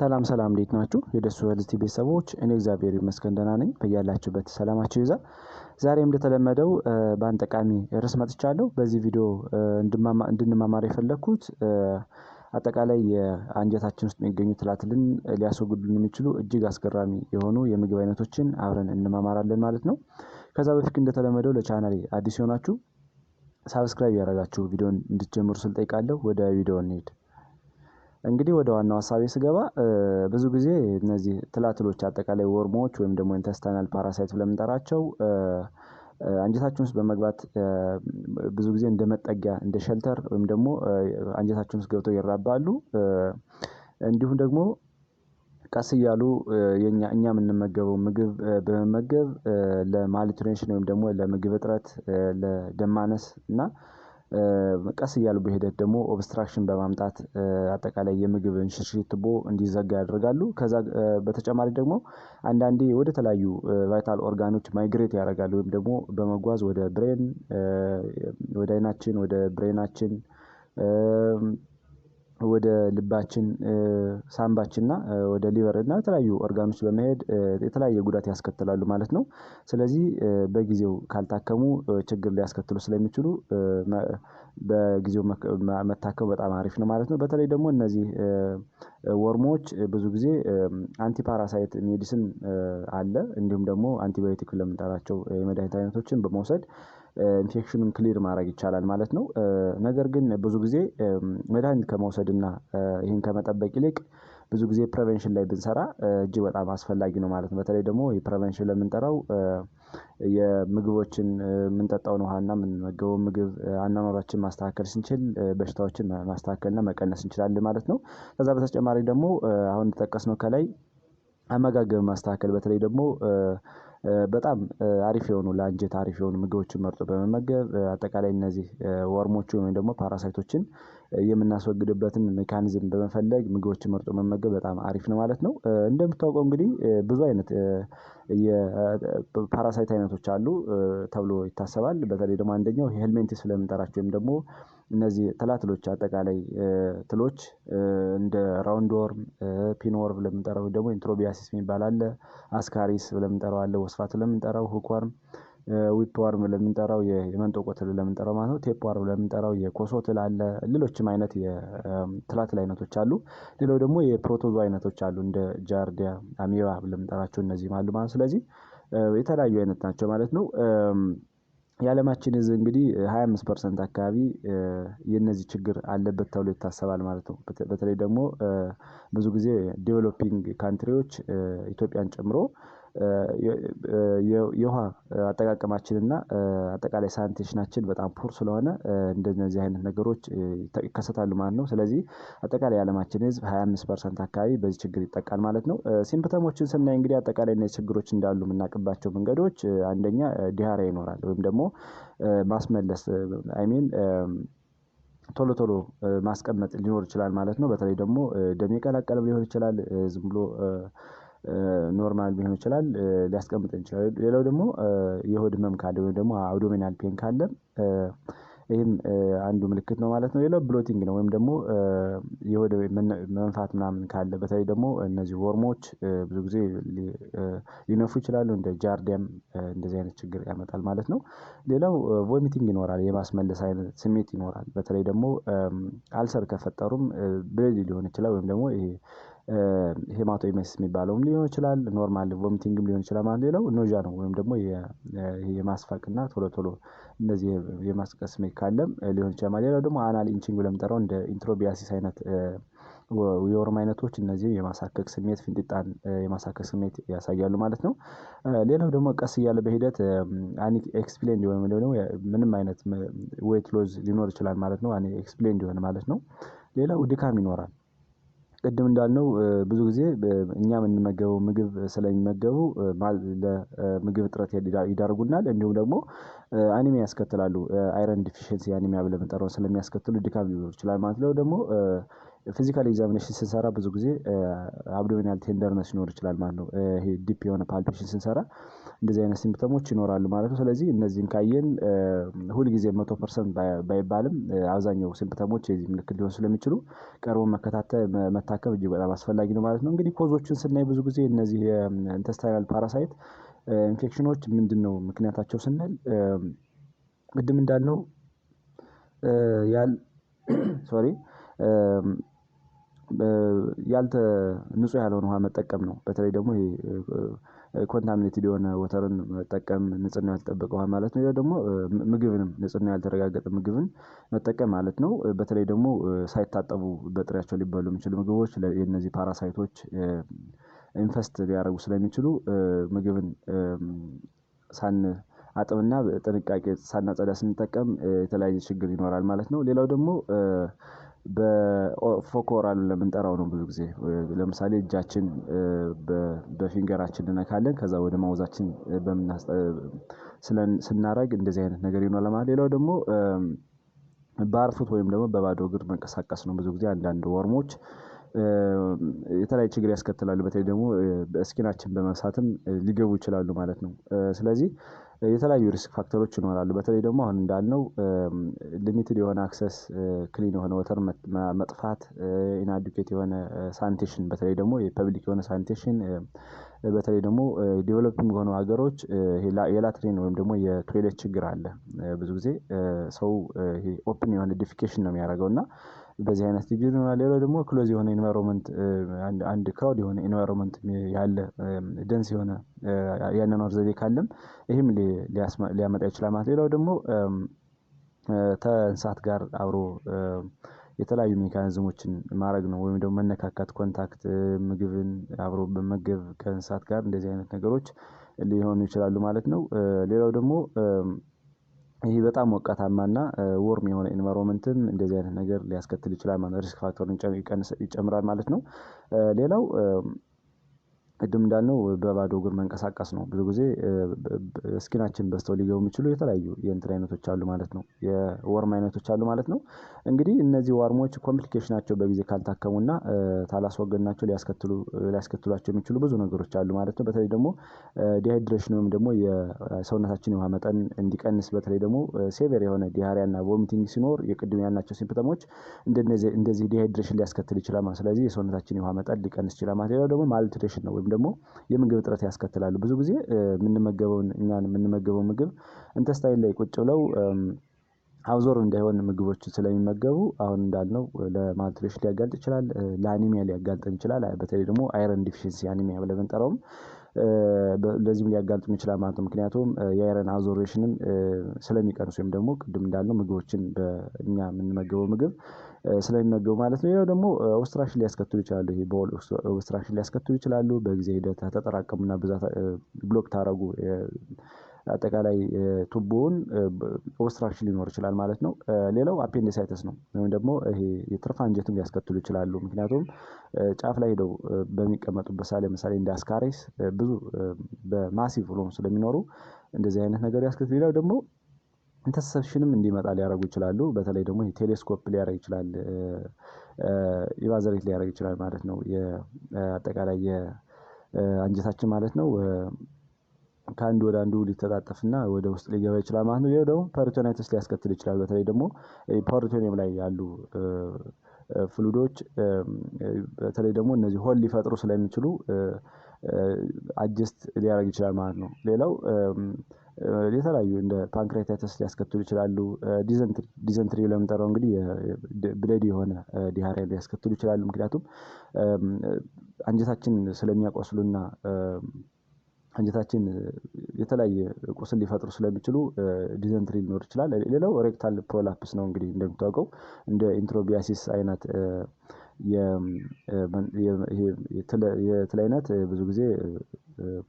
ሰላም ሰላም እንዴት ናችሁ? የደሱ ሪልስቴት ቤተሰቦች፣ እኔ እግዚአብሔር ይመስገን ደህና ነኝ። በያላችሁበት ሰላማችሁ ይዛ ዛሬም እንደተለመደው በአንድ ጠቃሚ ርዕስ መጥቻለሁ። በዚህ ቪዲዮ እንድንማማር የፈለግኩት አጠቃላይ የአንጀታችን ውስጥ የሚገኙ ትላትልን ሊያስወግዱልን የሚችሉ እጅግ አስገራሚ የሆኑ የምግብ አይነቶችን አብረን እንማማራለን ማለት ነው። ከዛ በፊት እንደተለመደው ለቻናል አዲስ የሆናችሁ ሳብስክራይብ ያደረጋችሁ ቪዲዮን እንድትጀምሩ ስል ጠይቃለሁ። ወደ ቪዲዮ እንሄድ። እንግዲህ ወደ ዋናው ሀሳቤ ስገባ ብዙ ጊዜ እነዚህ ትላትሎች አጠቃላይ ወርሞዎች ወይም ደግሞ ኢንተስታይናል ፓራሳይት ብለምንጠራቸው አንጀታችን ውስጥ በመግባት ብዙ ጊዜ እንደ መጠጊያ እንደ ሸልተር ወይም ደግሞ አንጀታችን ውስጥ ገብተው ይራባሉ። እንዲሁም ደግሞ ቀስ እያሉ እኛ የምንመገበው ምግብ በመመገብ ለማልኑትሪሽን ወይም ደግሞ ለምግብ እጥረት ለደማነስ እና ቀስ እያሉ በሂደት ደግሞ ኦብስትራክሽን በማምጣት አጠቃላይ የምግብ እንሽርሽሪት ቱቦ እንዲዘጋ ያደርጋሉ። ከዛ በተጨማሪ ደግሞ አንዳንዴ ወደ ተለያዩ ቫይታል ኦርጋኖች ማይግሬት ያደርጋሉ ወይም ደግሞ በመጓዝ ወደ ብሬን ወደ አይናችን ወደ ብሬናችን ወደ ልባችን ሳምባችንና ወደ ሊቨር እና የተለያዩ ኦርጋኖች በመሄድ የተለያየ ጉዳት ያስከትላሉ ማለት ነው። ስለዚህ በጊዜው ካልታከሙ ችግር ሊያስከትሉ ስለሚችሉ በጊዜው መታከም በጣም አሪፍ ነው ማለት ነው። በተለይ ደግሞ እነዚህ ወርሞች ብዙ ጊዜ አንቲፓራሳይት ሜዲስን አለ እንዲሁም ደግሞ አንቲባዮቲክ ለምንጠራቸው የመድኃኒት አይነቶችን በመውሰድ ኢንፌክሽኑን ክሊር ማድረግ ይቻላል ማለት ነው። ነገር ግን ብዙ ጊዜ መድኃኒት ከመውሰድና ይህን ከመጠበቅ ይልቅ ብዙ ጊዜ ፕሬቨንሽን ላይ ብንሰራ እጅግ በጣም አስፈላጊ ነው ማለት ነው። በተለይ ደግሞ የፕሬቨንሽን ለምንጠራው የምግቦችን የምንጠጣውን ውሃና የምንመገበውን ምግብ አኗኗራችን ማስተካከል ስንችል በሽታዎችን ማስተካከልና መቀነስ እንችላለን ማለት ነው። ከዛ በተጨማሪ ደግሞ አሁን እንደጠቀስነው ከላይ አመጋገብ ማስተካከል በተለይ ደግሞ በጣም አሪፍ የሆኑ ለአንጀት አሪፍ የሆኑ ምግቦችን መርጦ በመመገብ አጠቃላይ እነዚህ ወርሞችን ወይም ደግሞ ፓራሳይቶችን የምናስወግድበትን ሜካኒዝም በመፈለግ ምግቦችን መርጦ መመገብ በጣም አሪፍ ነው ማለት ነው። እንደምታውቀው እንግዲህ ብዙ አይነት የፓራሳይት አይነቶች አሉ ተብሎ ይታሰባል። በተለይ ደግሞ አንደኛው ሄልሜንቲስ ብለን ወይም ደግሞ እነዚህ ትላትሎች አጠቃላይ ትሎች እንደ ራውንድ ወርም፣ ፒንወር ብለምንጠራው ደግሞ ኢንትሮቢያሲስ የሚባል አለ። አስካሪስ ብለምንጠራው አለ። ወስፋት ብለምንጠራው፣ ሁክወርም፣ ዊፕወርም ብለምንጠራው የመንጦቆ ትል ብለምንጠራው ማለት ነው። ቴፕወር ብለምንጠራው የኮሶ ትል አለ። ሌሎችም አይነት የትላትል አይነቶች አሉ። ሌላው ደግሞ የፕሮቶዞ አይነቶች አሉ። እንደ ጃርዲያ፣ አሚባ ብለምንጠራቸው እነዚህም አሉ ማለት ስለዚህ የተለያዩ አይነት ናቸው ማለት ነው። የአለማችን ህዝብ እንግዲህ 25 ፐርሰንት አካባቢ የነዚህ ችግር አለበት ተብሎ ይታሰባል ማለት ነው። በተለይ ደግሞ ብዙ ጊዜ ዴቨሎፒንግ ካንትሪዎች ኢትዮጵያን ጨምሮ የውሃ አጠቃቀማችንና አጠቃላይ ሳኒቴሽናችን በጣም ፑር ስለሆነ እንደነዚህ አይነት ነገሮች ይከሰታሉ ማለት ነው። ስለዚህ አጠቃላይ የአለማችን ህዝብ 25 አምስት ፐርሰንት አካባቢ በዚህ ችግር ይጠቃል ማለት ነው። ሲምፕተሞችን ስናይ እንግዲህ አጠቃላይ እነዚህ ችግሮች እንዳሉ የምናውቅባቸው መንገዶች አንደኛ ዲያሪያ ይኖራል ወይም ደግሞ ማስመለስ አይሚን ቶሎ ቶሎ ማስቀመጥ ሊኖር ይችላል ማለት ነው። በተለይ ደግሞ ደም የቀላቀለም ሊሆን ይችላል ዝም ብሎ ኖርማል ሊሆን ይችላል ሊያስቀምጥ ይችላል። ሌላው ደግሞ የሆድ ህመም ካለ ወይም ደግሞ አብዶሚናል ፔን ካለ ይህም አንዱ ምልክት ነው ማለት ነው። ሌላው ብሎቲንግ ነው ወይም ደግሞ የሆድ መንፋት ምናምን ካለ በተለይ ደግሞ እነዚህ ወርሞች ብዙ ጊዜ ሊነፉ ይችላሉ እንደ ጃርዲያም እንደዚህ አይነት ችግር ያመጣል ማለት ነው። ሌላው ቮሚቲንግ ይኖራል የማስመለስ አይነት ስሜት ይኖራል በተለይ ደግሞ አልሰር ከፈጠሩም ብሌድ ሊሆን ይችላል ወይም ደግሞ ይሄ ሄማቶይመስ የሚባለውም ሊሆን ይችላል። ኖርማል ቮሚቲንግም ሊሆን ይችላል። ማለት ሌላው ኖዣ ነው ወይም ደግሞ የማስፋቅና ቶሎ ቶሎ እነዚህ የማስቀስ ስሜት ካለም ሊሆን ይችላል። ሌላው ደግሞ አናል ኢንቺንግ ብለን እንደ ኢንትሮቢያሲስ አይነት የወርም አይነቶች እነዚህ የማሳከክ ስሜት ፍንጢጣን የማሳከክ ስሜት ያሳያሉ ማለት ነው። ሌላው ደግሞ ቀስ እያለ በሂደት ኤክስፕሌን ሊሆን ወይም ደግሞ ምንም አይነት ዌት ሎዝ ሊኖር ይችላል ማለት ነው። ኤክስፕሌን ሊሆን ማለት ነው። ሌላው ድካም ይኖራል ቅድም እንዳልነው ብዙ ጊዜ እኛ የምንመገበው ምግብ ስለሚመገቡ ለምግብ እጥረት ይዳርጉናል። እንዲሁም ደግሞ አኒሚያ ያስከትላሉ አይረን ዲፊሽንሲ አኒሚያ ብለን የምንጠራውን ስለሚያስከትሉ ድካም ሊኖር ይችላል ማለት ነው። ደግሞ ፊዚካል ኤግዛሚኔሽን ስንሰራ ብዙ ጊዜ አብዶሚናል ቴንደርነስ ሊኖር ይችላል ማለት ነው። ይሄ ዲፕ የሆነ ፓልፔሽን ስንሰራ እንደዚህ አይነት ሲምፕተሞች ይኖራሉ ማለት ነው። ስለዚህ እነዚህን ካየን ሁልጊዜ መቶ ፐርሰንት ባይባልም አብዛኛው ሲምፕተሞች የዚህ ምልክት ሊሆን ስለሚችሉ ቀርቦ መከታተል መታከም እጅግ በጣም አስፈላጊ ነው ማለት ነው። እንግዲህ ኮዞችን ስናይ ብዙ ጊዜ እነዚህ የኢንተስታይናል ፓራሳይት ኢንፌክሽኖች ምንድን ነው ምክንያታቸው ስንል ቅድም እንዳልነው ያል ሶሪ ያልተ ንጹህ ያልሆነ ውሃ መጠቀም ነው። በተለይ ደግሞ ይሄ ኮንታሚኔትድ የሆነ ወተርን መጠቀም ንጽህና ያልተጠበቀ ውሃ ማለት ነው። ደግሞ ምግብንም ንጽና ያልተረጋገጠ ምግብን መጠቀም ማለት ነው። በተለይ ደግሞ ሳይታጠቡ በጥሬያቸው ሊበሉ የሚችሉ ምግቦች የነዚህ ፓራሳይቶች ኢንፈስት ሊያደርጉ ስለሚችሉ ምግብን ሳን አጥብና ጥንቃቄ ሳናጸዳ ስንጠቀም የተለያየ ችግር ይኖራል ማለት ነው። ሌላው ደግሞ በፎኮራል ለምንጠራው ነው። ብዙ ጊዜ ለምሳሌ እጃችን በፊንገራችን እንነካለን። ከዛ ወደ ማውዛችን ስናረግ እንደዚህ አይነት ነገር ይኖ ማለት። ሌላው ደግሞ ባርፉት ወይም ደግሞ በባዶ እግር መንቀሳቀስ ነው። ብዙ ጊዜ አንዳንድ ወርሞች የተለያዩ ችግር ያስከትላሉ። በተለይ ደግሞ ስኪናችን በመሳትም ሊገቡ ይችላሉ ማለት ነው። ስለዚህ የተለያዩ ሪስክ ፋክተሮች ይኖራሉ። በተለይ ደግሞ አሁን እንዳልነው ሊሚትድ የሆነ አክሰስ ክሊን የሆነ ወተር መጥፋት ኢንአዲኩዌት የሆነ ሳኒቴሽን በተለይ ደግሞ የፐብሊክ የሆነ ሳኒቴሽን በተለይ ደግሞ ዴቨሎፒንግ የሆኑ ሀገሮች የላትሪን ወይም ደግሞ የቶይሌት ችግር አለ። ብዙ ጊዜ ሰው ይሄ ኦፕን የሆነ ዲፊኬሽን ነው የሚያደርገው እና በዚህ አይነት ዲግሪ ይሆናል። ሌላው ደግሞ ክሎዝ የሆነ ኢንቫይሮንመንት አንድ ክራውድ የሆነ ኢንቫይሮንመንት ያለ ደንስ የሆነ ያነኗር ዘዴ ካለም ይህም ሊያመጣ ይችላል ማለት። ሌላው ደግሞ ከእንስሳት ጋር አብሮ የተለያዩ ሜካኒዝሞችን ማድረግ ነው። ወይም ደግሞ መነካካት፣ ኮንታክት፣ ምግብን አብሮ በመገብ ከእንስሳት ጋር እንደዚህ አይነት ነገሮች ሊሆኑ ይችላሉ ማለት ነው። ሌላው ደግሞ ይህ በጣም ወቃታማ እና ወርም የሆነ ኢንቫይሮንመንትም እንደዚህ አይነት ነገር ሊያስከትል ይችላል ማለት ነው። ሪስክ ፋክተሩን ይጨምራል ማለት ነው። ሌላው ቅድም እንዳልነው በባዶ እግር መንቀሳቀስ ነው። ብዙ ጊዜ እስኪናችን በስተው ሊገቡ የሚችሉ የተለያዩ የእንትን አይነቶች አሉ ማለት ነው። የወርም አይነቶች አሉ ማለት ነው። እንግዲህ እነዚህ ዋርሞች ኮምፕሊኬሽናቸው በጊዜ ካልታከሙና ካላስወገድናቸው ሊያስከትሏቸው የሚችሉ ብዙ ነገሮች አሉ ማለት ነው። በተለይ ደግሞ ዲሃይድሬሽን ወይም ደግሞ የሰውነታችን የውሃ መጠን እንዲቀንስ በተለይ ደግሞ ሴቨር የሆነ ዲያሪያና ቮሚቲንግ ሲኖር የቅድም ያልናቸው ሲምፕተሞች እንደዚህ ዲሃይድሬሽን ሊያስከትል ይችላል ስለዚህ የሰውነታችን የውሃ መጠን ሊቀንስ ይችላል ማለት ነው። ደግሞ ማልትሬሽን ነው ወይም ደግሞ የምግብ እጥረት ያስከትላሉ። ብዙ ጊዜ የምንመገበውን እኛን የምንመገበው ምግብ እንተስታይን ላይ ቁጭ ብለው አብዞር እንዳይሆን ምግቦችን ስለሚመገቡ አሁን እንዳልነው ለማልትሪሽን ሊያጋልጥ ይችላል ለአኒሚያ ሊያጋልጥም ይችላል በተለይ ደግሞ አይረን ዲፊሽንሲ አኒሚያ ብለን የምንጠራውም ለዚህም ሊያጋልጥም ይችላል ማለት ነው። ምክንያቱም የአይረን አብዞርቬሽንን ስለሚቀንስ ወይም ደግሞ ቅድም እንዳልነው ምግቦችን በእኛ የምንመገበው ምግብ ስለሚመገቡ ማለት ነው። ሌላው ደግሞ ኦብስትራክሽን ሊያስከትሉ ይችላሉ። ይሄ በወል ኦብስትራክሽን ሊያስከትሉ ይችላሉ። በጊዜ ሂደት ተጠራቀሙና ብዛት ብሎክ ታረጉ አጠቃላይ ቱቦውን ኦብስትራክሽን ሊኖር ይችላል ማለት ነው። ሌላው አፔንዲሳይተስ ነው ወይም ደግሞ ይሄ የትርፍ አንጀትም ሊያስከትሉ ይችላሉ። ምክንያቱም ጫፍ ላይ ሄደው በሚቀመጡበት ሰዓት ለምሳሌ እንደ አስካሬስ ብዙ በማሲቭ ሎም ስለሚኖሩ እንደዚህ አይነት ነገር ያስከትሉ። ሌላው ደግሞ ኢንተርሰፕሽንም እንዲመጣ ሊያደርጉ ይችላሉ። በተለይ ደግሞ ቴሌስኮፕ ሊያደረግ ይችላል ኢቫዘሬት ሊያደረግ ይችላል ማለት ነው። አጠቃላይ የአንጀታችን ማለት ነው ከአንዱ ወደ አንዱ ሊተጣጠፍና ወደ ውስጥ ሊገባ ይችላል ማለት ነው። ደግሞ ፐሪቶናይትስ ሊያስከትል ይችላል። በተለይ ደግሞ ፐሪቶኒየም ላይ ያሉ ፍሉዶች በተለይ ደግሞ እነዚህ ሆል ሊፈጥሩ ስለሚችሉ አጀስት ሊያደርግ ይችላል ማለት ነው። ሌላው የተለያዩ እንደ ፓንክሬታይተስ ሊያስከትሉ ይችላሉ። ዲዘንትሪ ዲዘንትሪ ለምንጠራው እንግዲህ ብሌድ የሆነ ዲሃሪያ ሊያስከትሉ ይችላሉ። ምክንያቱም አንጀታችን ስለሚያቆስሉና አንጀታችን የተለያየ ቁስል ሊፈጥሩ ስለሚችሉ ዲዘንትሪ ሊኖር ይችላል። ሌላው ሬክታል ፕሮላፕስ ነው። እንግዲህ እንደሚታወቀው እንደ ኢንትሮቢያሲስ አይነት የትል አይነት ብዙ ጊዜ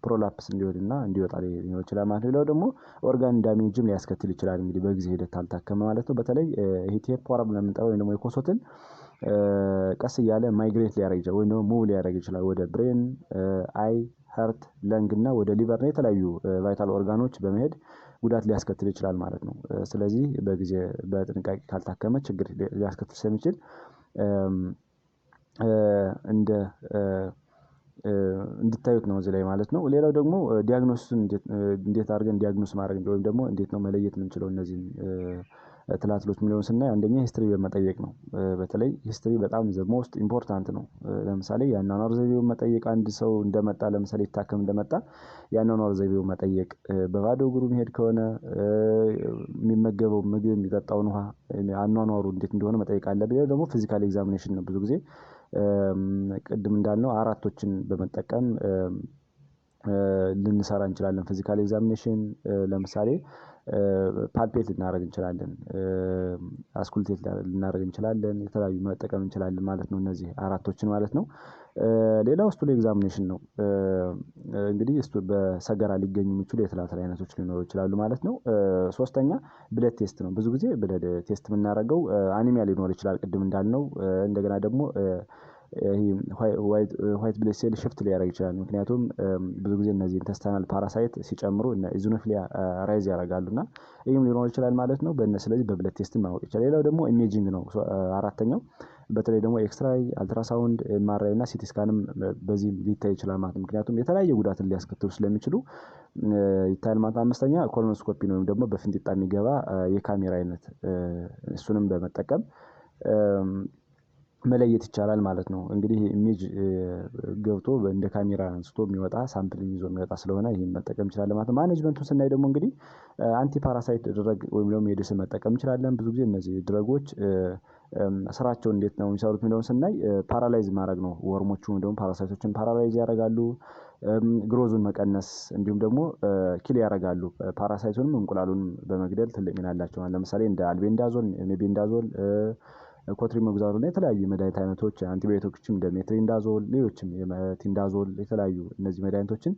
ፕሮላፕስ እንዲሆንና እንዲወጣ ሊኖር ይችላል ማለት ነው። ሌላው ደግሞ ኦርጋን ዳሜጅም ሊያስከትል ይችላል እንግዲህ በጊዜ ሂደት ካልታከመ ማለት ነው። በተለይ ይሄ ቴፕወርም ብለን ወይም ደግሞ የኮሶትን ቀስ እያለ ማይግሬት ሊያደረግ ይችላል ወይም ደግሞ ሙቭ ሊያደረግ ይችላል ወደ ብሬን፣ አይ፣ ሀርት፣ ለንግ እና ወደ ሊቨር እና የተለያዩ ቫይታል ኦርጋኖች በመሄድ ጉዳት ሊያስከትል ይችላል ማለት ነው። ስለዚህ በጊዜ በጥንቃቄ ካልታከመ ችግር ሊያስከትል ስለሚችል እንደ እንድታዩት ነው እዚህ ላይ ማለት ነው። ሌላው ደግሞ ዲያግኖስን እንዴት አድርገን ዲያግኖስ ማድረግ ወይም ደግሞ እንዴት ነው መለየት የምንችለው እነዚህን ትላትሎች የሚለውን ስናይ አንደኛ ሂስትሪ በመጠየቅ ነው። በተለይ ሂስትሪ በጣም ዘ ሞስት ኢምፖርታንት ነው። ለምሳሌ የአኗኗር ዘይቤውን መጠየቅ፣ አንድ ሰው እንደመጣ ለምሳሌ ይታከም እንደመጣ የአኗኗር ዘይቤው መጠየቅ፣ በባዶ እግሩ መሄድ ከሆነ የሚመገበው ምግብ፣ የሚጠጣውን ውሃ፣ አኗኗሩ እንዴት እንደሆነ መጠየቅ አለብን። ደግሞ ፊዚካል ኤግዛሚኔሽን ነው ብዙ ጊዜ ቅድም እንዳልነው አራቶችን በመጠቀም ልንሰራ እንችላለን። ፊዚካል ኤግዛሚኔሽን ለምሳሌ ፓልፔት ልናደረግ እንችላለን፣ አስኩልቴት ልናደረግ እንችላለን፣ የተለያዩ መጠቀም እንችላለን ማለት ነው። እነዚህ አራቶችን ማለት ነው። ሌላው ስቱል ኤግዛሚኔሽን ነው። እንግዲህ በሰገራ ሊገኙ የሚችሉ የትላትል አይነቶች ሊኖሩ ይችላሉ ማለት ነው። ሶስተኛ ብለድ ቴስት ነው። ብዙ ጊዜ ብለድ ቴስት የምናደርገው አኒሚያ ሊኖር ይችላል ቅድም እንዳልነው እንደገና ደግሞ ዋይት ብሌድ ሴል ሽፍት ሊያደረግ ይችላል። ምክንያቱም ብዙ ጊዜ እነዚህ ኢንተስታናል ፓራሳይት ሲጨምሩ ኢዙኖፊሊያ ራይዝ ያደረጋሉ እና ይህም ሊኖር ይችላል ማለት ነው። ስለዚህ በብለት ቴስት ማወቅ ይችላል። ሌላው ደግሞ ኢሜጂንግ ነው አራተኛው። በተለይ ደግሞ ኤክስትራይ፣ አልትራሳውንድ፣ ማራይ እና ሲቲስካንም በዚህ ሊታይ ይችላል ማለት ነው። ምክንያቱም የተለያየ ጉዳትን ሊያስከትሉ ስለሚችሉ ይታያል ማለት አምስተኛ ኮሎኖስኮፒ ወይም ደግሞ በፍንጢጣ የሚገባ የካሜራ አይነት እሱንም በመጠቀም መለየት ይቻላል ማለት ነው። እንግዲህ ኢሜጅ ገብቶ እንደ ካሜራ አንስቶ የሚወጣ ሳምፕል ይዞ የሚወጣ ስለሆነ ይህን መጠቀም ይችላለን ማለት ነው። ማኔጅመንቱን ስናይ ደግሞ እንግዲህ አንቲ ፓራሳይት ድረግ ወይም ደግሞ የድስን መጠቀም እንችላለን። ብዙ ጊዜ እነዚህ ድረጎች ስራቸው እንዴት ነው የሚሰሩት የሚለውን ስናይ ፓራላይዝ ማድረግ ነው። ወርሞቹ ወይም ደግሞ ፓራሳይቶችን ፓራላይዝ ያደርጋሉ። ግሮዙን መቀነስ እንዲሁም ደግሞ ኪል ያደርጋሉ። ፓራሳይቱንም እንቁላሉን በመግደል ትልቅ ሚና አላቸው። ለምሳሌ እንደ አልቤንዳዞል፣ ሜቤንዳዞል ኮትሪሞግዛሎል እና የተለያዩ የመድኃኒት አይነቶች አንቲባዮቲኮችም እንደ ሜትሪንዳዞል፣ ሌሎችም ቲንዳዞል የተለያዩ እነዚህ መድኃኒቶችን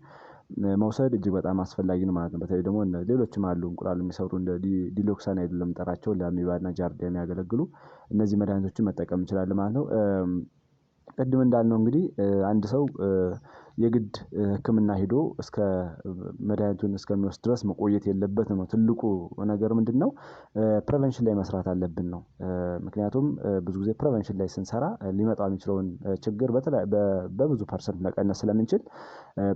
መውሰድ እጅግ በጣም አስፈላጊ ነው ማለት ነው። በተለይ ደግሞ ሌሎችም አሉ እንቁላል የሚሰሩ እንደ ዲሎክሳናይድ ለምጠራቸው ለአሚባና ጃርዲያ የሚያገለግሉ እነዚህ መድኃኒቶችን መጠቀም እንችላለን ማለት ነው። ቅድም እንዳልነው እንግዲህ አንድ ሰው የግድ ህክምና ሄዶ እስከ መድሃኒቱን እስከሚወስድ ድረስ መቆየት የለበትም ነው። ትልቁ ነገር ምንድነው? ፕሪቨንሽን ላይ መስራት አለብን ነው። ምክንያቱም ብዙ ጊዜ ፕሬቨንሽን ላይ ስንሰራ ሊመጣ የሚችለውን ችግር በብዙ ፐርሰንት መቀነስ ስለምንችል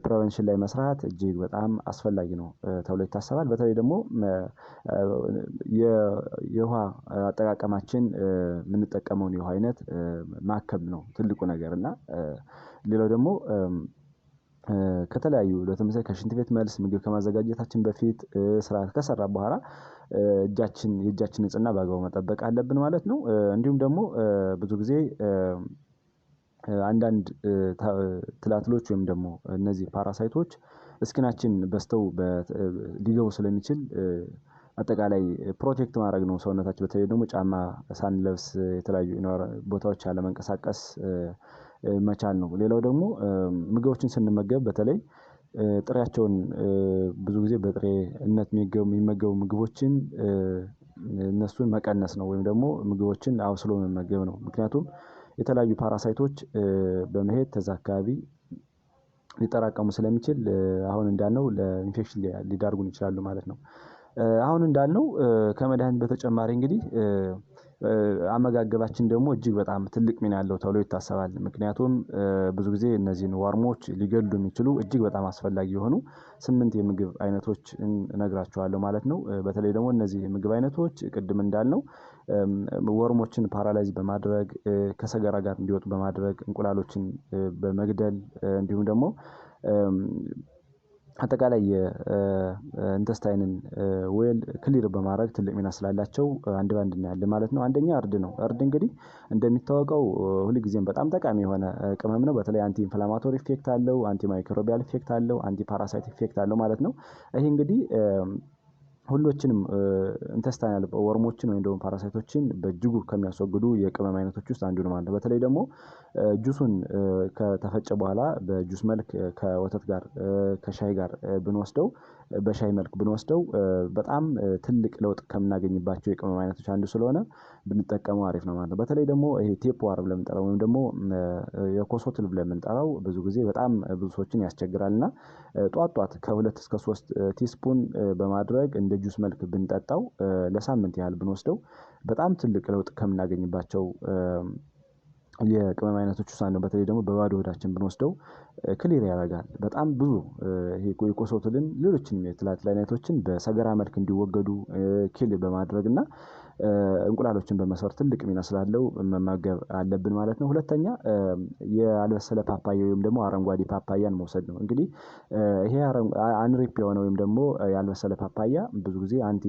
ፕሪቨንሽን ላይ መስራት እጅግ በጣም አስፈላጊ ነው ተብሎ ይታሰባል። በተለይ ደግሞ የውሃ አጠቃቀማችን የምንጠቀመውን የውሃ አይነት ማከም ነው። ትልቁ ነገር እና ሌላው ደግሞ ከተለያዩ ለምሳሌ ከሽንት ቤት መልስ ምግብ ከማዘጋጀታችን በፊት ስርዓት ከሰራ በኋላ እጃችን የእጃችን ንጽህና በአግባቡ መጠበቅ አለብን ማለት ነው። እንዲሁም ደግሞ ብዙ ጊዜ አንዳንድ ትላትሎች ወይም ደግሞ እነዚህ ፓራሳይቶች እስኪናችን በዝተው ሊገቡ ስለሚችል አጠቃላይ ፕሮቴክት ማድረግ ነው። ሰውነታችን በተለይ ደግሞ ጫማ ሳንለብስ የተለያዩ ቦታዎች ያለመንቀሳቀስ። መቻል ነው። ሌላው ደግሞ ምግቦችን ስንመገብ በተለይ ጥሬያቸውን ብዙ ጊዜ በጥሬነት የሚመገቡ ምግቦችን እነሱን መቀነስ ነው ወይም ደግሞ ምግቦችን አብስሎ መመገብ ነው። ምክንያቱም የተለያዩ ፓራሳይቶች በመሄድ ከዛ አካባቢ ሊጠራቀሙ ስለሚችል አሁን እንዳልነው ለኢንፌክሽን ሊዳርጉን ይችላሉ ማለት ነው። አሁን እንዳልነው ከመድሃኒት በተጨማሪ እንግዲህ አመጋገባችን ደግሞ እጅግ በጣም ትልቅ ሚና ያለው ተብሎ ይታሰባል። ምክንያቱም ብዙ ጊዜ እነዚህን ዋርሞች ሊገሉ የሚችሉ እጅግ በጣም አስፈላጊ የሆኑ ስምንት የምግብ አይነቶች ነግራቸዋለሁ ማለት ነው። በተለይ ደግሞ እነዚህ የምግብ አይነቶች ቅድም እንዳልነው ወርሞችን ፓራላይዝ በማድረግ ከሰገራ ጋር እንዲወጡ በማድረግ እንቁላሎችን በመግደል እንዲሁም ደግሞ አጠቃላይ የኢንተስታይንን ዌል ክሊር በማድረግ ትልቅ ሚና ስላላቸው አንድ በአንድ እናያለን ማለት ነው። አንደኛ እርድ ነው። እርድ እንግዲህ እንደሚታወቀው ሁልጊዜም በጣም ጠቃሚ የሆነ ቅመም ነው። በተለይ አንቲ ኢንፍላማቶሪ ኢፌክት አለው፣ አንቲ ማይክሮቢያል ኢፌክት አለው፣ አንቲ ፓራሳይት ኢፌክት አለው ማለት ነው። ይሄ እንግዲህ ሁሎችንም ኢንተስታይናል ወርሞችን ወይም ደግሞ ፓራሳይቶችን በእጅጉ ከሚያስወግዱ የቅመም አይነቶች ውስጥ አንዱ ነው ማለት ነው። በተለይ ደግሞ ጁሱን ከተፈጨ በኋላ በጁስ መልክ ከወተት ጋር ከሻይ ጋር ብንወስደው በሻይ መልክ ብንወስደው በጣም ትልቅ ለውጥ ከምናገኝባቸው የቅመም አይነቶች አንዱ ስለሆነ ብንጠቀመው አሪፍ ነው ማለት ነው። በተለይ ደግሞ ይሄ ቴፕ ዋር ብለን የምንጠራው ወይም ደግሞ የኮሶትል ብለን የምንጠራው ብዙ ጊዜ በጣም ብዙ ሰዎችን ያስቸግራል እና ጧት ጧት ከሁለት እስከ ሶስት ቲስፑን በማድረግ እንደ ጁስ መልክ ብንጠጣው ለሳምንት ያህል ብንወስደው በጣም ትልቅ ለውጥ ከምናገኝባቸው የቅመም አይነቶች ውስጥ አንዱ በተለይ ደግሞ በባዶ ወዳችን ብንወስደው ክሊር ያደርጋል። በጣም ብዙ የቆሶትልን ሌሎችን የትላትል አይነቶችን በሰገራ መልክ እንዲወገዱ ኪል በማድረግ እና እንቁላሎችን በመሰር ትልቅ ሚና ስላለው መመገብ አለብን ማለት ነው። ሁለተኛ የአልበሰለ ፓፓያ ወይም ደግሞ አረንጓዴ ፓፓያን መውሰድ ነው። እንግዲህ ይሄ አንሪፕ የሆነ ወይም ደግሞ ያልበሰለ ፓፓያ ብዙ ጊዜ አንቲ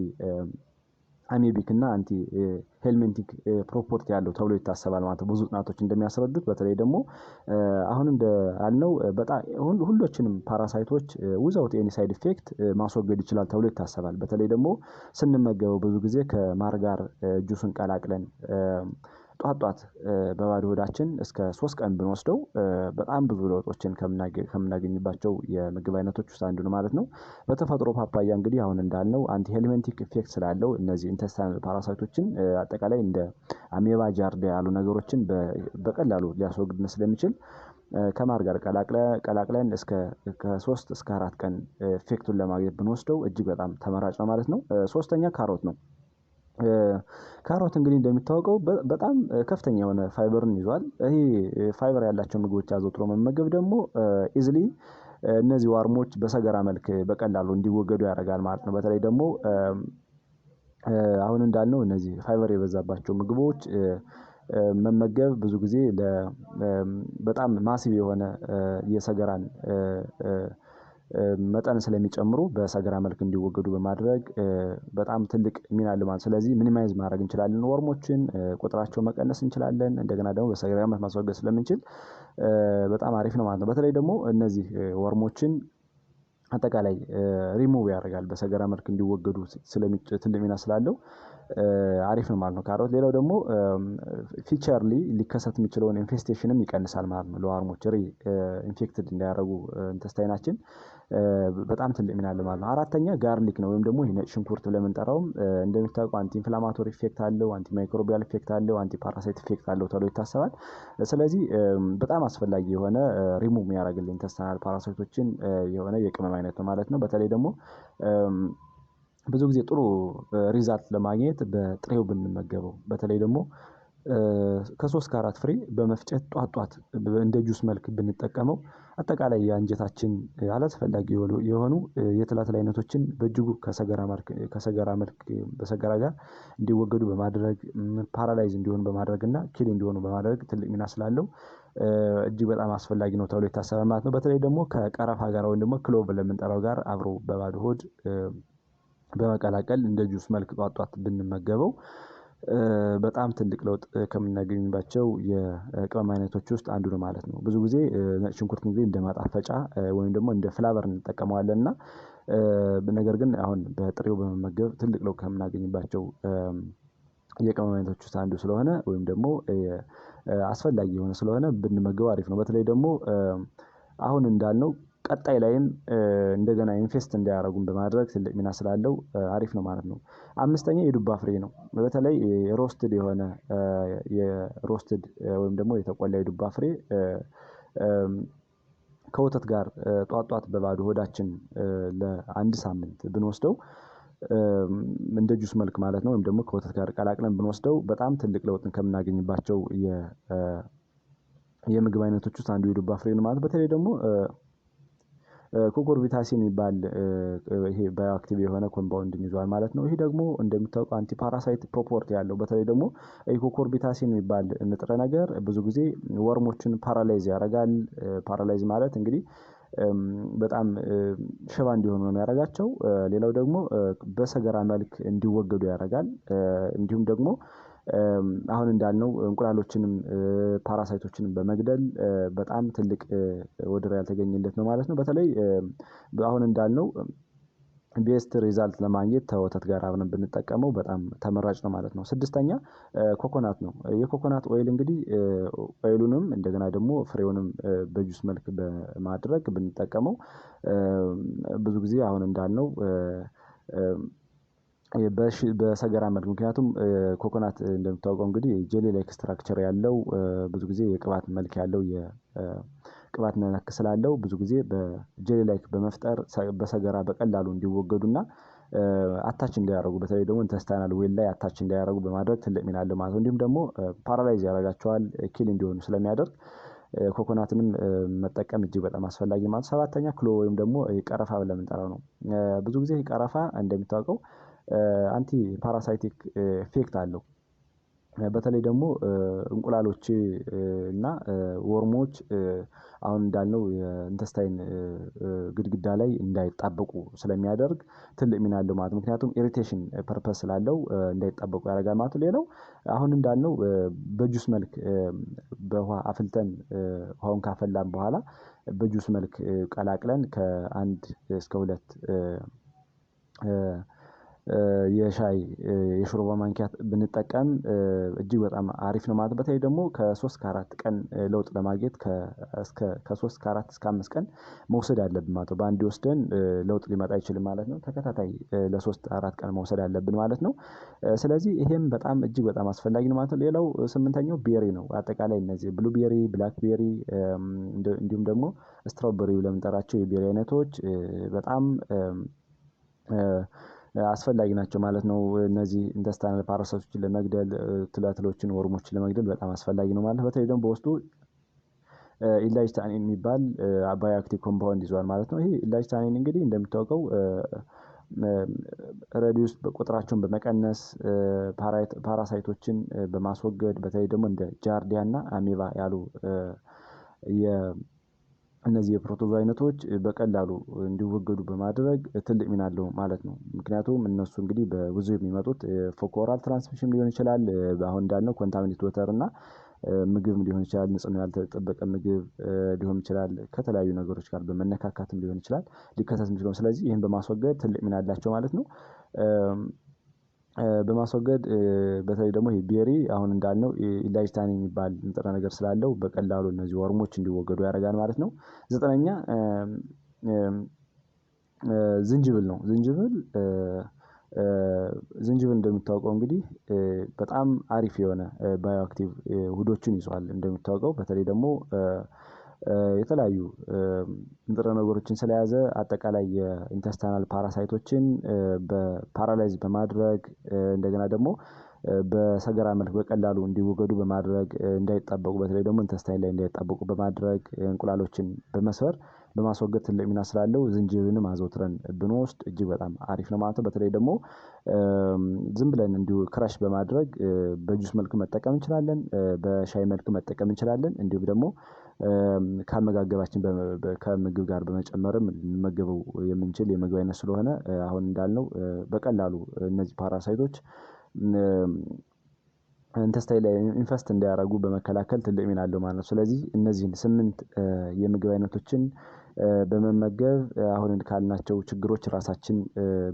አሜቢክ እና አንቲ ሄልሜንቲክ ፕሮፖርቲ ያለው ተብሎ ይታሰባል ማለት ነው። ብዙ ጥናቶች እንደሚያስረዱት በተለይ ደግሞ አሁን እንዳልነው በጣም ሁሎችንም ፓራሳይቶች ዊዛውት ኤኒ ሳይድ ኢፌክት ማስወገድ ይችላል ተብሎ ይታሰባል። በተለይ ደግሞ ስንመገበው ብዙ ጊዜ ከማር ጋር ጁስን ቀላቅለን ጧት ጧት በባዶ ሆዳችን እስከ ሶስት ቀን ብንወስደው በጣም ብዙ ለውጦችን ከምናገኝባቸው የምግብ አይነቶች ውስጥ አንዱ ነው ማለት ነው። በተፈጥሮ ፓፓያ እንግዲህ አሁን እንዳልነው አንቲ ሄልሜንቲክ ኢፌክት ስላለው እነዚህ ኢንተስታይናል ፓራሳይቶችን አጠቃላይ እንደ አሜባ ጃርዳ ያሉ ነገሮችን በቀላሉ ሊያስወግድን ስለሚችል ከማር ጋር ቀላቅለን እስከ ከሶስት እስከ አራት ቀን ኢፌክቱን ለማግኘት ብንወስደው እጅግ በጣም ተመራጭ ነው ማለት ነው። ሶስተኛ ካሮት ነው ካሮት እንግዲህ እንደሚታወቀው በጣም ከፍተኛ የሆነ ፋይበርን ይዟል። ይሄ ፋይበር ያላቸው ምግቦች አዘውትሮ መመገብ ደግሞ ኢዝሊ እነዚህ ዋርሞች በሰገራ መልክ በቀላሉ እንዲወገዱ ያደርጋል ማለት ነው። በተለይ ደግሞ አሁን እንዳልነው እነዚህ ፋይበር የበዛባቸው ምግቦች መመገብ ብዙ ጊዜ በጣም ማሲብ የሆነ የሰገራን መጠን ስለሚጨምሩ በሰገራ መልክ እንዲወገዱ በማድረግ በጣም ትልቅ ሚና ልማል። ስለዚህ ሚኒማይዝ ማድረግ እንችላለን፣ ወርሞችን ቁጥራቸው መቀነስ እንችላለን። እንደገና ደግሞ በሰገራ መልክ ማስወገድ ስለምንችል በጣም አሪፍ ነው ማለት ነው። በተለይ ደግሞ እነዚህ ወርሞችን አጠቃላይ ሪሙቭ ያደርጋል በሰገራ መልክ እንዲወገዱ ትልቅ ሚና ስላለው አሪፍ ነው ማለት ነው ካሮት። ሌላው ደግሞ ፊቸርሊ ሊከሰት የሚችለውን ኢንፌስቴሽንም ይቀንሳል ማለት ነው። ለዋርሞች ሪ ኢንፌክትድ እንዳያደረጉ እንተስታይናችን በጣም ትልቅ ሚና አለው ማለት ነው። አራተኛ ጋርሊክ ነው ወይም ደግሞ ነጭ ሽንኩርት ብለን እንደሚታወቀው አንቲ ኢንፍላማቶሪ ኢፌክት አለው፣ አንቲ ማይክሮቢያል ኢፌክት አለው፣ አንቲ ፓራሳይት ኢፌክት አለው ተብሎ ይታሰባል። ስለዚህ በጣም አስፈላጊ የሆነ ሪሙቭ የሚያደርግልን ኢንተስታናል ፓራሳይቶችን የሆነ የቅመም አይነት ነው ማለት ነው። በተለይ ደግሞ ብዙ ጊዜ ጥሩ ሪዛልት ለማግኘት በጥሬው ብንመገበው በተለይ ደግሞ ከሶስት ከአራት ፍሬ በመፍጨት ጧት ጧት እንደ ጁስ መልክ ብንጠቀመው አጠቃላይ የአንጀታችን አላስፈላጊ የሆኑ የትላትል አይነቶችን በእጅጉ ከሰገራ መልክ በሰገራ ጋር እንዲወገዱ በማድረግ ፓራላይዝ እንዲሆኑ በማድረግ እና ኪል እንዲሆኑ በማድረግ ትልቅ ሚና ስላለው እጅግ በጣም አስፈላጊ ነው ተብሎ የታሰበ ማለት ነው። በተለይ ደግሞ ከቀረፋ ጋር ወይም ደግሞ ክሎቭ ለምንጠራው ጋር አብሮ በባዶ ሆድ በመቀላቀል እንደ ጁስ መልክ ጧጧት ብንመገበው በጣም ትልቅ ለውጥ ከምናገኝባቸው የቅመም አይነቶች ውስጥ አንዱ ነው ማለት ነው። ብዙ ጊዜ ነጭ ሽንኩርት እንደ ማጣፈጫ ወይም ደግሞ እንደ ፍላቨር እንጠቀመዋለን እና ነገር ግን አሁን በጥሬው በመመገብ ትልቅ ለውጥ ከምናገኝባቸው የቅመም አይነቶች ውስጥ አንዱ ስለሆነ ወይም ደግሞ አስፈላጊ የሆነ ስለሆነ ብንመገበው አሪፍ ነው። በተለይ ደግሞ አሁን እንዳልነው ቀጣይ ላይም እንደገና ኢንቨስት እንዳያደርጉም በማድረግ ትልቅ ሚና ስላለው አሪፍ ነው ማለት ነው። አምስተኛ የዱባ ፍሬ ነው። በተለይ ሮስትድ የሆነ የሮስትድ ወይም ደግሞ የተቆላ የዱባ ፍሬ ከወተት ጋር ጧጧት በባዶ ሆዳችን ለአንድ ሳምንት ብንወስደው እንደ ጁስ መልክ ማለት ነው ወይም ደግሞ ከወተት ጋር ቀላቅለን ብንወስደው በጣም ትልቅ ለውጥን ከምናገኝባቸው የምግብ አይነቶች ውስጥ አንዱ የዱባ ፍሬ ነው ማለት በተለይ ደግሞ ኮኮርቢታሲ የሚባል ይሄ ባዮአክቲቭ የሆነ ኮምፓውንድን ይዟል ማለት ነው። ይሄ ደግሞ አንቲ አንቲፓራሳይት ፕሮፖርቲ ያለው በተለይ ደግሞ ኮኮርቢታሲን የሚባል ንጥረ ነገር ብዙ ጊዜ ወርሞችን ፓራላይዝ ያደርጋል። ፓራላይዝ ማለት እንግዲህ በጣም ሽባ እንዲሆኑ ነው የሚያደርጋቸው። ሌላው ደግሞ በሰገራ መልክ እንዲወገዱ ያደርጋል። እንዲሁም ደግሞ አሁን እንዳልነው እንቁላሎችንም ፓራሳይቶችንም በመግደል በጣም ትልቅ ወደር ያልተገኘለት ነው ማለት ነው። በተለይ አሁን እንዳልነው ቤስት ሪዛልት ለማግኘት ከወተት ጋር አብረን ብንጠቀመው በጣም ተመራጭ ነው ማለት ነው። ስድስተኛ ኮኮናት ነው። የኮኮናት ኦይል እንግዲህ ኦይሉንም እንደገና ደግሞ ፍሬውንም በጁስ መልክ በማድረግ ብንጠቀመው ብዙ ጊዜ አሁን እንዳልነው በሰገራ መልክ ምክንያቱም ኮኮናት እንደሚታወቀው እንግዲህ ጀሊ ላይክ ስትራክቸር ያለው ብዙ ጊዜ የቅባት መልክ ያለው የቅባት ነክ ስላለው ብዙ ጊዜ በጀሊ ላይክ በመፍጠር በሰገራ በቀላሉ እንዲወገዱና አታች እንዳያደረጉ በተለይ ደግሞ ኢንተስታይናል ዌል ላይ አታች እንዳያደረጉ በማድረግ ትልቅ ሚና አለው ማለት ነው። እንዲሁም ደግሞ ፓራላይዝ ያደረጋቸዋል ኪል እንዲሆኑ ስለሚያደርግ ኮኮናትንም መጠቀም እጅግ በጣም አስፈላጊ ማለት። ሰባተኛ ክሎ ወይም ደግሞ ቀረፋ ብለን የምንጠራው ነው። ብዙ ጊዜ ቀረፋ እንደሚታወቀው አንቲ ፓራሳይቲክ ኢፌክት አለው። በተለይ ደግሞ እንቁላሎች እና ወርሞች አሁን እንዳልነው ኢንተስታይን ግድግዳ ላይ እንዳይጣበቁ ስለሚያደርግ ትልቅ ሚና አለው ማለት ምክንያቱም ኢሪቴሽን ፐርፐስ ስላለው እንዳይጣበቁ ያደርጋል ማለት ሌላው አሁን እንዳልነው በጁስ መልክ በውሃ አፍልተን ውሃውን ካፈላን በኋላ በጁስ መልክ ቀላቅለን ከአንድ እስከ ሁለት የሻይ የሾርባ ማንኪያ ብንጠቀም እጅግ በጣም አሪፍ ነው ማለት ነው። በተለይ ደግሞ ከሶስት ከአራት ቀን ለውጥ ለማግኘት ከሶስት ከአራት እስከ አምስት ቀን መውሰድ አለብን ማለት ነው። በአንድ ወስደን ለውጥ ሊመጣ አይችልም ማለት ነው። ተከታታይ ለሶስት አራት ቀን መውሰድ አለብን ማለት ነው። ስለዚህ ይሄም በጣም እጅግ በጣም አስፈላጊ ነው ማለት ነው። ሌላው ስምንተኛው ቤሪ ነው አጠቃላይ እነዚህ ብሉ ቤሪ ብላክ ቤሪ እንዲሁም ደግሞ ስትሮበሪ ለምንጠራቸው የቤሪ አይነቶች በጣም አስፈላጊ ናቸው ማለት ነው። እነዚህ ኢንተስታይናል ፓራሳይቶችን ለመግደል ትላትሎችን፣ ወርሞችን ለመግደል በጣም አስፈላጊ ነው ማለት በተለይ ደግሞ በውስጡ ኢላጅታኒን የሚባል ባዮአክቲቭ ኮምፓውንድ ይዟል ማለት ነው። ይሄ ኢላጅታኒን እንግዲህ እንደሚታወቀው ረዲዩስ ቁጥራቸውን በመቀነስ ፓራሳይቶችን በማስወገድ በተለይ ደግሞ እንደ ጃርዲያ እና አሜባ ያሉ እነዚህ የፕሮቶዞ አይነቶች በቀላሉ እንዲወገዱ በማድረግ ትልቅ ሚና አለው ማለት ነው። ምክንያቱም እነሱ እንግዲህ በብዙ የሚመጡት ፎኮራል ትራንስሚሽን ሊሆን ይችላል። አሁን እንዳልነው ኮንታሚኔት ወተር እና ምግብም ሊሆን ይችላል። ንጽህና ያልተጠበቀ ምግብ ሊሆን ይችላል። ከተለያዩ ነገሮች ጋር በመነካካትም ሊሆን ይችላል ሊከሰት የሚችለው ስለዚህ ይህን በማስወገድ ትልቅ ሚና አላቸው ማለት ነው። በማስወገድ በተለይ ደግሞ ይሄ ቤሪ አሁን እንዳልነው ኢላጅታኒ የሚባል ንጥረ ነገር ስላለው በቀላሉ እነዚህ ወርሞች እንዲወገዱ ያደርጋል ማለት ነው። ዘጠነኛ ዝንጅብል ነው። ዝንጅብል ዝንጅብል እንደሚታወቀው እንግዲህ በጣም አሪፍ የሆነ ባዮአክቲቭ ውህዶችን ይዟል። እንደሚታወቀው በተለይ ደግሞ የተለያዩ ንጥረ ነገሮችን ስለያዘ አጠቃላይ የኢንተስታናል ፓራሳይቶችን በፓራላይዝ በማድረግ እንደገና ደግሞ በሰገራ መልክ በቀላሉ እንዲወገዱ በማድረግ እንዳይጣበቁ በተለይ ደግሞ ኢንተስታይን ላይ እንዳይጣበቁ በማድረግ እንቁላሎችን በመስበር በማስወገድ ትልቅ ሚና ስላለው ዝንጅብልንም አዘውትረን ብንወስድ እጅግ በጣም አሪፍ ነው ማለት ነው። በተለይ ደግሞ ዝም ብለን እንዲሁ ክራሽ በማድረግ በጁስ መልክ መጠቀም እንችላለን። በሻይ መልክ መጠቀም እንችላለን እንዲሁም ደግሞ ከአመጋገባችን ከምግብ ጋር በመጨመርም ልንመገበው የምንችል የምግብ አይነት ስለሆነ አሁን እንዳልነው በቀላሉ እነዚህ ፓራሳይቶች ኢንተስታይን ላይ ኢንፈስት በመከላከል ትልቅ ሚና አለው ማለት ነው። ስለዚህ እነዚህን ስምንት የምግብ አይነቶችን በመመገብ አሁን ካልናቸው ችግሮች ራሳችን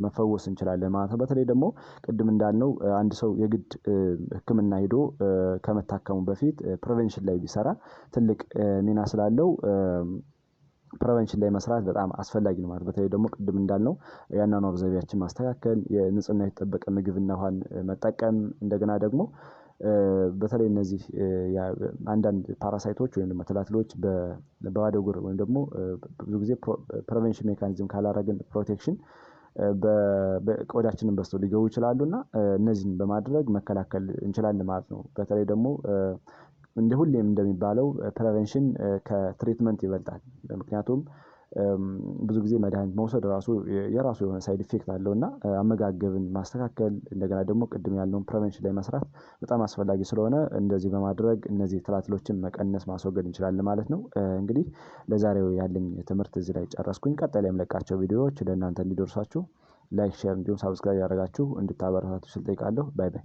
መፈወስ እንችላለን ማለት ነው። በተለይ ደግሞ ቅድም እንዳልነው አንድ ሰው የግድ ህክምና ሄዶ ከመታከሙ በፊት ፕሪቨንሽን ላይ ቢሰራ ትልቅ ሚና ስላለው ፕሬቨንሽን ላይ መስራት በጣም አስፈላጊ ነው ማለት በተለይ ደግሞ ቅድም እንዳልነው የአኗኗር ዘይቤያችን ማስተካከል፣ የንጽህና የተጠበቀ ምግብና ውሃን መጠቀም እንደገና ደግሞ በተለይ እነዚህ አንዳንድ ፓራሳይቶች ወይም ደግሞ ትላትሎች በባዶ እግር ወይም ደግሞ ብዙ ጊዜ ፕሬቨንሽን ሜካኒዝም ካላረግን ፕሮቴክሽን ቆዳችንን በስተው ሊገቡ ይችላሉ እና እነዚህን በማድረግ መከላከል እንችላለን ማለት ነው። በተለይ ደግሞ እንደ ሁሌም እንደሚባለው ፕሬቨንሽን ከትሪትመንት ይበልጣል። ምክንያቱም ብዙ ጊዜ መድኃኒት መውሰድ ራሱ የራሱ የሆነ ሳይድ ኢፌክት አለው እና አመጋገብን ማስተካከል እንደገና ደግሞ ቅድም ያለውን ፕሬቨንሽን ላይ መስራት በጣም አስፈላጊ ስለሆነ እንደዚህ በማድረግ እነዚህ ትላትሎችን መቀነስ ማስወገድ እንችላለን ማለት ነው። እንግዲህ ለዛሬው ያለኝ ትምህርት እዚህ ላይ ጨረስኩኝ። ቀጣይ የምለቃቸው ቪዲዮዎች ለእናንተ እንዲደርሷችሁ ላይክ፣ ሼር እንዲሁም ሳብስክራይብ ያደረጋችሁ እንድታበረታቱ ስል ጠይቃለሁ። ባይ ባይ።